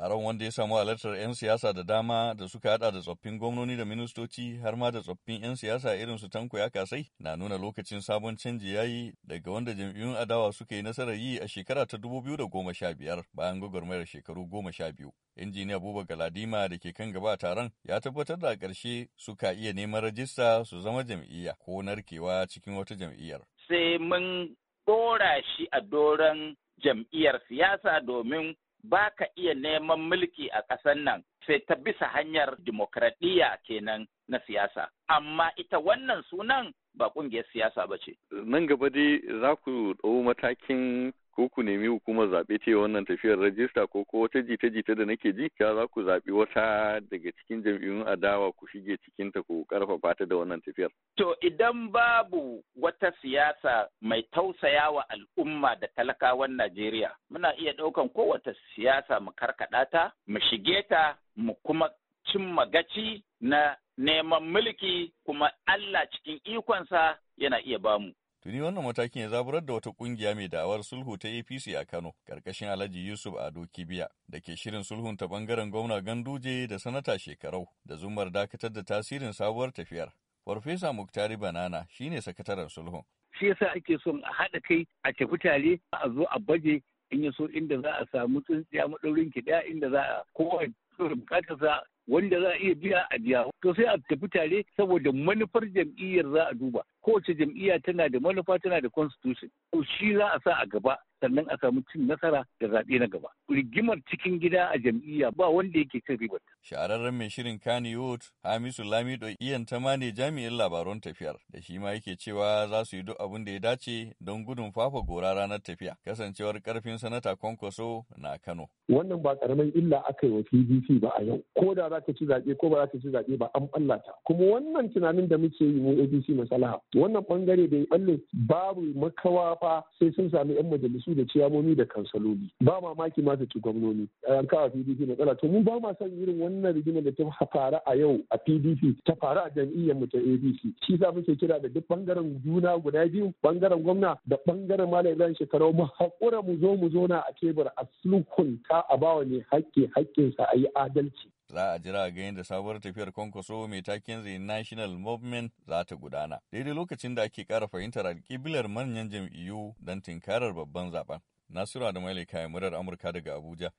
Taron wanda ya samu halartar 'yan siyasa da dama da suka hada da tsoffin gwamnoni da ministoci har ma da tsoffin 'yan siyasa irin su Tanko ya kasai na nuna lokacin sabon canji yayi daga wanda jam'iyyun adawa suka yi nasarar yi a shekara ta goma sha biyar bayan gwagwarmayar shekaru goma sha biyu? Injiniya Buba Galadima da ke kan gaba taron ya tabbatar da a ƙarshe suka iya neman rajista su zama jam'iyya ko narkewa cikin wata jam'iyyar. Sai mun dora shi a doron jam'iyyar siyasa domin ba ka iya neman mulki a ƙasar nan sai ta bisa hanyar demokradiyya kenan na siyasa. Amma ita wannan sunan ba ƙungiyar siyasa ba ce. Nan gaba dai za ku ɗau matakin ko ku nemi hukumar zaɓe ce wannan tafiyar rajista ko ko wata jita-jita da nake ji ya za ku zaɓi wata daga cikin jam'iyyun adawa ku shige cikinta ku karfafa ta da wannan tafiyar. To idan babu wata siyasa mai tausaya wa al'umma da talakawan Najeriya muna iya ɗaukan kowace siyasa mu karkaɗa ta mu shige ta mu kuma cimma gaci na neman mulki kuma Allah cikin ikonsa yana iya bamu. Tuni wannan matakin ya zaburar da wata kungiya mai da'awar sulhu ta APC a Kano, karkashin Alhaji Yusuf Ado Kibiya, da ke shirin sulhun ta bangaren gwamna Ganduje da sanata shekarau, da zumar dakatar da tasirin sabuwar tafiyar. Farfesa Muktari Banana shine sakataren sulhun. Shi yasa ake son a haɗa kai a tafi tare a zo a baje in yi so inda za a samu tsintsiya maɗaurin ki inda za a kowa bukatarsa wanda za a iya biya a biya to sai a tafi tare saboda manufar jam'iyyar za a duba kowace jam'iyya tana da manufa tana da constitution to shi za a sa a gaba sannan a samu cin nasara da zaɓe na gaba. Rigimar cikin gida a jam'iyya ba wanda yake cin ribar. Shahararren mai shirin Kaniyot Hamisu Lamido Iyan Tama ne jami'in labaran tafiyar da shi ma yake cewa za su yi duk abin da ya dace don gudun fafa gora ranar tafiya kasancewar karfin sanata Kwankwaso na Kano. Wannan ba karamin illa aka yi wa PDP ba a yau ko da za ta ci zaɓe ko ba za ta ci zaɓe ba an ɓallata kuma wannan tunanin da muke yi mu ABC masalaha wannan ɓangare da ya ɓalle babu makawa fa sai sun sami 'yan majalisu su da ciyamomi da kansaloli ba mamaki ma su ci gwamnoni an kawo pdp matsala to mu ba ma son irin wannan rigimar da ta fara a yau a pdp ta faru a jam'iyyar mu ta abc shi sa muke kira da duk bangaren juna guda biyu bangaren gwamna da bangaren malam ibrahim shekaru mu haƙura mu zo mu zo na a tebur a sulhunta a bawa ne haƙƙi haƙƙinsa a yi adalci Za a jira ga yadda sabuwar tafiyar kwankwaso mai taken The National Movement za ta gudana. Daidai lokacin da ake kara fahimtar alkiblar manyan jam'iyyu don tinkarar babban zaben. Nasiru Adamu Ali kayan murar Amurka daga Abuja,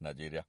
Najeriya.